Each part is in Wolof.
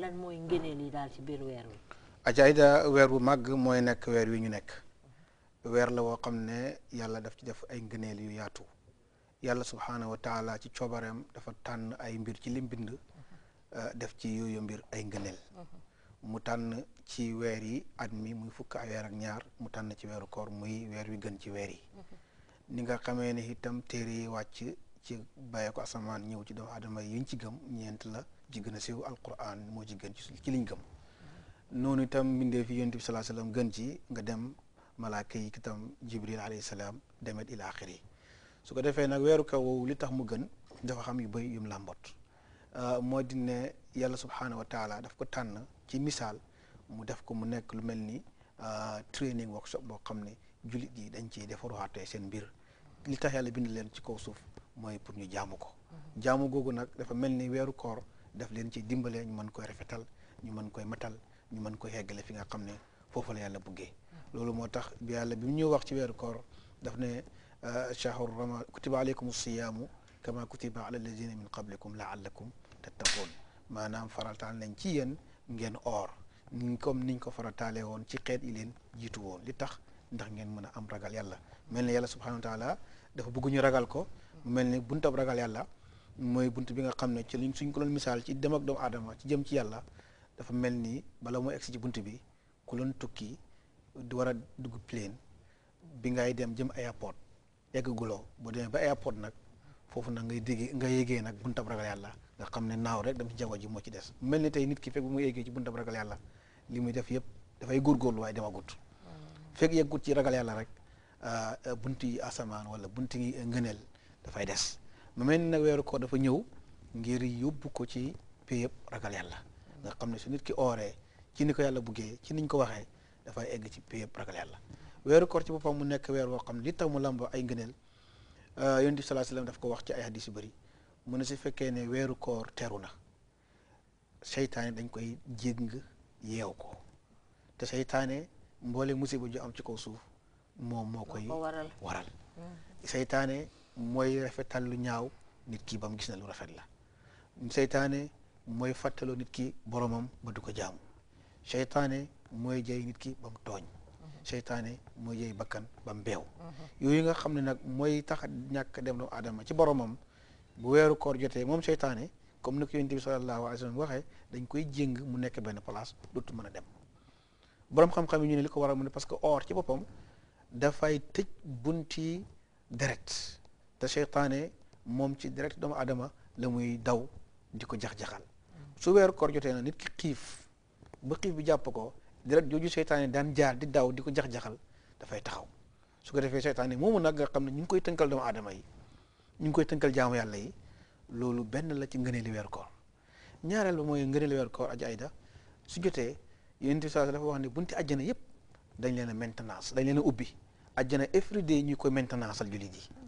xam mooy ngëneel yi daal ci biir weer wi. ajaayda weer bu màgg mooy nekk weer wi ñu nekk weer la woo xam ne yàlla def ci def ay ngëneel yu yaatu yàlla subhaanahu wa taala ci coobareem dafa tànn ay mbir ci li mbind eh, def ci yooyu mbir ay ngëneel mu tànn ci weer yi at mi muy fukk ay weer ak ñaar mu tànn ci weeru koor muy weer wi gën ci weer yi ni nga xamee ne itam téere yi wàcc ci bàyyee ko asamaan ñëw ci doomu aadama yi ñu ci gëm ñeent la ji gën a siiw alquran moo ci gën ci liñ gëm noonu itam mbindee fi yonent bi salaa salaam gën ci nga dem malaaka yi itam jibril alayhi salaam demet ila axiri su ko defee nag weeru kaw li tax mu gën dafa xam yu bëri yu mu làmbot ah, moo di ne yàlla subhaanahu wa taala daf ko tànn ci misaal mu def ko mu nekk lu mel ni ah, training workshop boo xam ne jullit yi dañ ciy defaruwaatee seen mbir li tax yàlla bind leen ci kaw suuf mooy pour ñu jaamu ko mm-hmm. jaamu googu nag dafa mel ni weeru koor daf leen ci dimbale ñu mën koy rafetal ñu mën koy matal ñu mën koy hégalé fi nga xamné fofu la yàlla buggee lolu motax bi yàlla bi ñu wax ci weeru koor daf ne shahur rama kutiba aleykum siyam kama kutiba ala alladhina min qablikum laallakum tattaqun manam faratal nañ ci yéen ngeen ni comme niñ ko faratalé won ci xeet yi leen jitu won li tax ndax ngeen mëna am ragal yàlla melni yàlla subhanahu wa taala dafa bëggu ñu ragal ko melni ne ragal yàlla moy buntu bi nga xamne ci liñ suñ ko lon misal ci dem ak doomu adama ci jëm ci yalla dafa melni bala mo ex ci buntu bi ku lon tukki du wara dug plane bi ngay dem jëm airport yegg gulo boo dem ba airport nak, fofu nag ngay digi nga yéegee nak buntab ragal yalla nga xamne naw rek dem ci jago ji mo ci dess melni tay nit ki fek bu mu yéegee ci buntu ragal yalla li muy def yëpp dafay way dem agut hmm. fek yegut ci ragal yalla rek ah, bunti asaman, wala bunti da fay dess mu mel ni nag weeru koor dafa ñëw ngir yóbbu ko ci péyëb ragal yàlla nga xam ne su nit ki ooree ci ni ko yàlla buggee ci niñ ko waxee dafay egg ci péyëb ragal yàlla weeru koor ci boppam mu nekk weer woo xam ne li tax mu làmb ay ngëneel euh, yonent bi salaa salaam daf ko wax ci ay hadis yu bëri mu ne su fekkee ne weeru koor teru na seytaane dañ koy jéng yeew ko te seytaane mboole musiba ju am ci kaw suuf moom moo koy waral seytaane mooy rafetal lu ñaaw nit ki ba mu gis ne lu rafet la seytaane mooy fàttaloo nit ki boromam ba du ko jaamu seytaane mooy jay nit ki ba mu tooñ mhm. seytaane mooy jay bakkan ba mu beew mhm. yooyu nga xam ne nag mooy tax ñàkk dem doomu aadama ci boromam bu weeru koor jotee moom seytaane comme ni ko yonent bi sallallahu alayhi wa sallam waxee dañ koy jéng mu nekk benn place dootu mën a dem borom xam-xam yi ñu ne li ko waral mu ne parce que or ci boppam dafay tëj bunti deret te seytaane moom ci direct doomu adama la muy daw di ko jax-jaxal su weer koor jotee na nit ki xiif ba xiif bi jàpp ko direct jooju seytaane daan jaar di daw di ko jax-jaxal dafay taxaw su ko defee seytaane moomu nag nga xam ne ñu ngi koy tënkal doomu adama yi ñu ngi koy tënkal jaamu yàlla yi loolu benn la ci ngëneeli weer koor ñaareel ba mooy ngëneeli weer koor aji ayda su jotee yonent bi dafa wax ne bunti àjjana yëpp dañ leen a maintenance dañ leen a ubbi àjjana every day ñu koy maintenance al jullit yi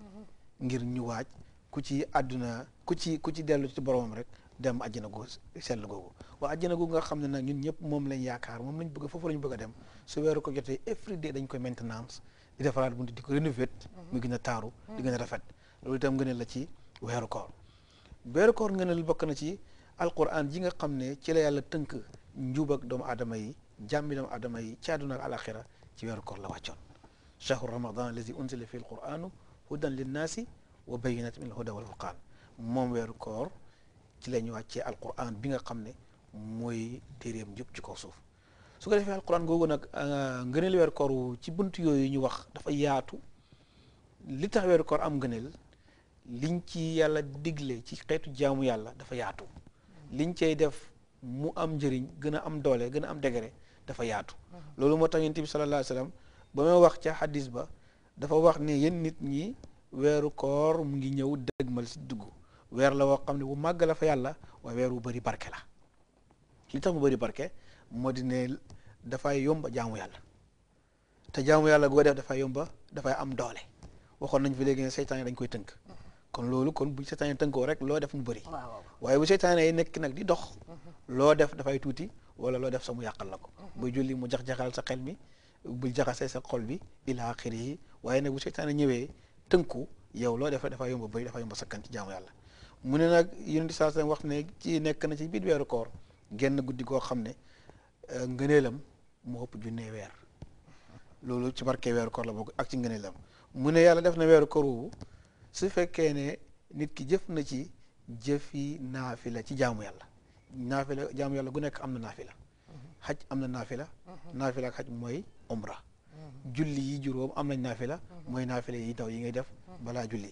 ngir ñu waaj ku ci àdduna ku ci ku ci dellu ci boromam rek dem àjjana googu sell googu waa àjjana googu nga xam ne nag ñun ñëpp moom lañ yaakaar moom lañ bëgg foofu lañ bëgg a dem su weeru ko jotee every day dañ koy maintenance di defaraat buntu di ko rénover mu gën a taaru di gën a rafet loolu itam ngëneel la ci weeru koor weeru koor ngëneel bokk na ci alquran ji nga xam ne ci la yàlla tënk njub ak doomu aadama yi jàmmi doomu aadama yi ci àdduna ak alaxira ci weeru la wàccoon chahru ramadan allazi hudan linnaasi wa bayyinaat min alhuda wal furqaan moom weeru koor ci la ñu wàccee alquran bi nga xam ne mooy téeréem njub ci ko suuf su ko defee alquran googu nag ah, ngëneel weeru koor ci bunt yooyu ñu wax dafa yaatu li tax weeru koor am ngëneel liñ ci yàlla digle ci xeetu jaamu yàlla dafa yaatu liñ cay def mu am njëriñ gën a am doole gën a am degere dafa yaatu loolu moo tax yonent bi sallallahu alayhi wa ba may wax ca xadis ba dafa wax ne yéen nit ñi weeru koor mu ngi ñëw ma si dugg weer la woo xam ne bu màgg la fa yàlla waaye weer wu bari barke la li tax mu bëri barke moo di ne dafay yomba jaamu yàlla te jaamu yàlla goo def dafay yomba dafay am doole waxoon nañ fi léegi ne seytaan dañ koy tënk kon loolu kon bu seytaan tënkoo rek loo def mu bëri waaye bu seytaan yi nekk nag di dox mhm. loo def dafay tuuti wala loo def sa mu yàqal la ko buy mhm. julli mu jax-jaxal sa xel mi bu jaxasee sa xol bi ila axiri yi waaye nag bu seytaane ñëwee tënku yow loo defa dafa yomba bëri dafa yomba sakkan ci jaamu yàlla mu ne nag yonent saa sallam wax ne ci nekk na ci biir weeru koor genn guddi goo xam ne euh, ngëneelam mu ëpp junnee weer loolu ci barke weeru koor ak ci ngëneelam mu ne yàlla def na weeru koor su fekkee ne nit ki jëf na ci jëfi naafila ci jaamu yàlla naafila jaamu yàlla gu nekk am na naafila xaj am na naafila naafila ak xaj mooy umra julli yi juróom am nañ naafila mooy naafila yi taw yi ngay def balaa julli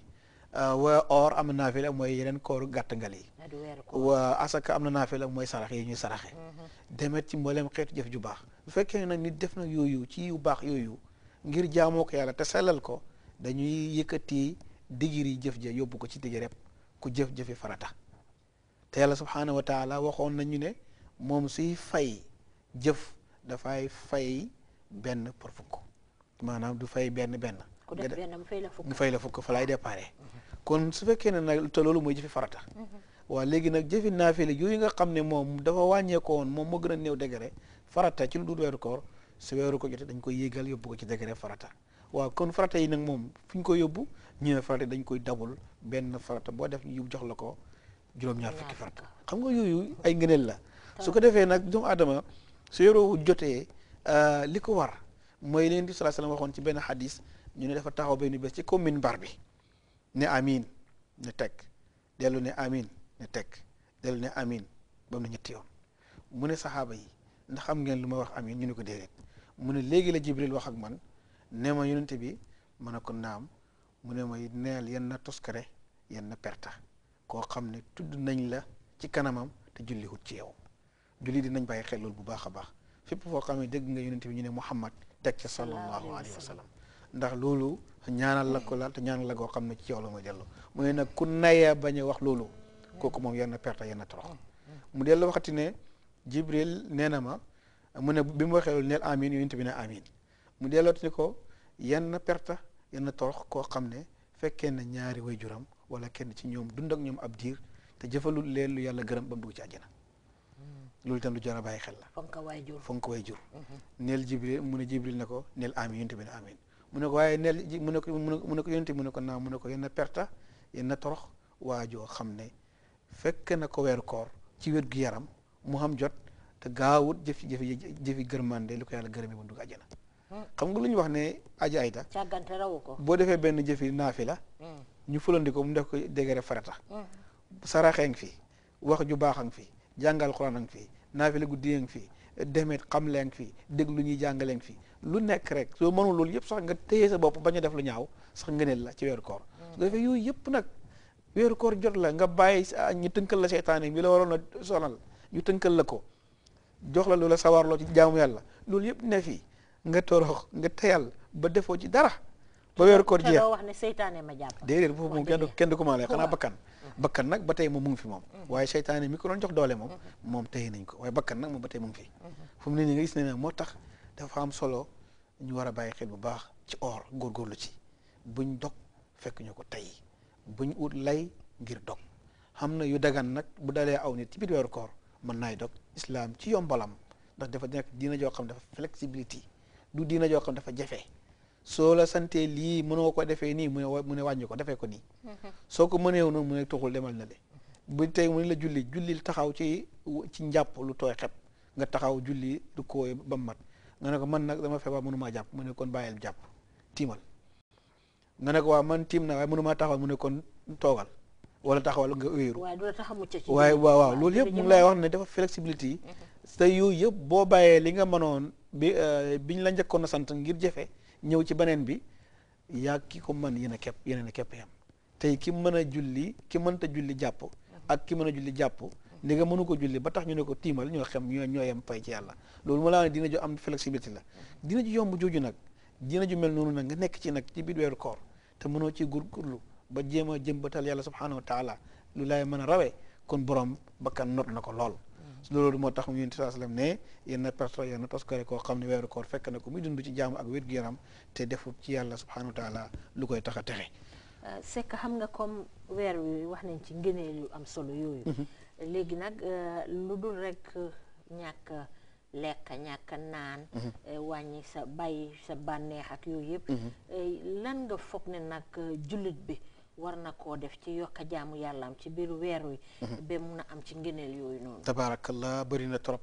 euh, wa or am na naafila mooy yeneen koor gàttangal yi ah, wa asaka am na naafila mooy sarax yi ñuy saraxe mm-hmm. demet ci mbooleem xeetu jëf ju baax bu fekkee nag nit def na yooyu ci yu baax yooyu ngir jaamoo ko yàlla te sellal ko dañuy yëkkati digiri jëf ja yóbbu ko ci digi rep ku jëf-jëfi farata te yàlla subhaanahu wa taala waxoon nañu ne moom suy fay jëf dafay fay benn pour fukk maanaam du fay benn benn. ku def benn mu fay fukk mu fay kon su fekkee ne nag te loolu mooy jëfi farata. Mhm. waaw léegi nag jëfi naafile yooyu nga xam ne moom dafa wàññeekoo moom moo gën a néew degré farata ci lu dul weeru su weeru ko jotee dañ koy yéegal yóbbu ko ci degré farata. waaw kon farata yi nag moom fu ko yóbbu ñu ne farata koy dabul benn farata boo def ñu jox la ko juróom-ñaar fukki farata xam nga yooyu ay ngëneel la. su ko defee nag doomu adama su yoroo jotee. Euh, li ko war mooy leen di sallallahu alayhi waxoon ci benn xadis ñu ne dafa taxaw benn bés ci commune mbar bi ne amin ne teg dellu ne amin ne teg dellu ne amin ba mu ne ñetti yoon mu ne saxaaba yi ndax xam ngeen lu ma wax amin ñu ne ko déedéet mu ne léegi la jibril wax ak man ne ma yonente bi ma ne ko naam mu ne may neel yenn toskare yenn perta koo xam ne tudd nañ la ci kanamam te julli wut ci yow julli dinañ bàyyi xel loolu bu baax a baax fépp foo xam ne dégg nga yonent bi ñu ne Muhammad teg ci sallallahu alayhi wa sallam ndax loolu ñaanal la ko laal te ñaanal la koo xam ne ci yow la mooy dellu mu ne nag ku nayee bañ a wax loolu kooku mm-hmm. ne Jibril ma mu ne bi mu waxee loolu neel amin yonent bi ne amin mu dellooti ni ko yenn perte yenn torox koo xam ne fekkee na ñaari way juram wala kenn ci ñoom dund ak ñoom ab diir te jëfalul leen lu yàlla gërëm ba mu dugg ci àjjana loolu itam lu jar a bàyyi xel la. fonk waay jur fonk waay jur. Mhm. neel jibril mu ne jibril ne ko neel amiin yonent bi ne amiin mu ne ko waaye neel ji mu ne ko mu ne ko yonent mu ne ko naa mu ne ko yenn perta yenn torox waajoo xam ne fekk na ko weeru koor ci wér gu yaram mu xam jot te gaawut jëf jëf hmm. nga lu ñu wax ne aji ayda. boo defee benn jëfi naafi la. Hmm. ñu fulandi ko mu def ko dégere farata. Hmm. saraxee fi wax ju baax fi. jàngal Quraan a ngi fi naafila guddi a ngi fi demet xamle a ngi fi lu ñuy jàngale a fi lu nekk rek soo mënul loolu yëpp sax nga téye sa bopp ba ñu def lu ñaaw sax ngëneel la ci weeru koor su defee yooyu yëpp nag weeru koor jot la nga bàyyi sa ñu tënkal la seytaane bi la waroon a sonal ñu tënkal la ko jox la loola sawarloo ci jaamu yàlla loolu yëpp ne fi nga torox nga teyal ba defoo ci dara ba weeru koor jeex wax ne seytaane ma jàpp déedéet foofu moom kenn kenn du ko maalee xanaa bakkan mm. ba tey moom mu ngi fi moom mm. waaye seytaane mi ko doon jox doole moom mm-hmm. moom tey nañ ko waaye bakkan nag moom ba tey mu ngi fi mm-hmm. fu mu nii nga gis ne ne moo tax dafa am solo ñu war a bàyyi xel bu baax ci or góorgóorlu ci buñ dog fekk ñu ko tey buñ ut lay ngir dog xam na yu dagan nag bu dalee aw nit ci biir weeru koor mën naay dog islam ci yombalam ndax dafa nekk diina joo xam dafa flexibilité du diina joo xam dafa jafe soo la santee lii mënoo ko defee nii mu ne mu ne wàññi ko defee ko nii soo ko mëneew noonu mu ne tuxul demal na le bu tey mu ne la julli jullil taxaw ci ci njàpp lu tooy xep nga taxaw julli du kooy ba mu mat nga ne ko man nag dama feebar mënumaa jàpp mu ne kon bàyyil jàpp tiimal nga ne ko waa man tiim na mënu maa taxawal mu ne kon toogal wala taxawal nga wéeru waaye waaw waaw loolu yëpp mu ngi lay wax ne dafa flexibilité sa te yooyu yëpp boo bàyyee li nga mënoon bi euh, biñ la njëkkoon a sant ngir jafe ñëw ci beneen bi yaa ki ko mën yéen a kepp yeneen a kepp yam tey ki mën a julli ki mënta julli jàpp ak ki mën a julli jàpp ni nga mënu ko julli ba tax ñu ne ko tiimal ñoo xem ñoo ñoo yem fay ci yàlla loolu ma laa ne dina ju am flexibilité la dina ju yomb jooju nag dina ju mel noonu nag nga nekk ci nag ci biir weeru koor te mënoo ci góorgóorlu ba jéem a jëmbatal yàlla subhanahu wa taala lu lay mën a rawee kon borom bakkan not na ko lool loolu moo tax yonent saa sallam ne yéen a perte yéen a parce que koo xam ne weeru koo fekk na ko muy dund ci jaamu ak wér gu yaram te deful ci yàlla subhanahu wa taala lu koy tax a texe. Euh, sekk xam nga comme weer wi wax nañ ci ngëneel yu am solo yooyu. Mhm. léegi nag euh, lu dul rekk ñàkk lekk ñàkk naan. Mhm. Euh, wàññi sa bàyyi sa bànneex ak yooyu yëpp. Mhm. lan nga foog ne nag jullit bi. war na koo def ci yokka jaamu am ci biir weer wi. Mhm. ba mun a am ci ngëneel yooyu noonu. tabaarakallah bëri na trop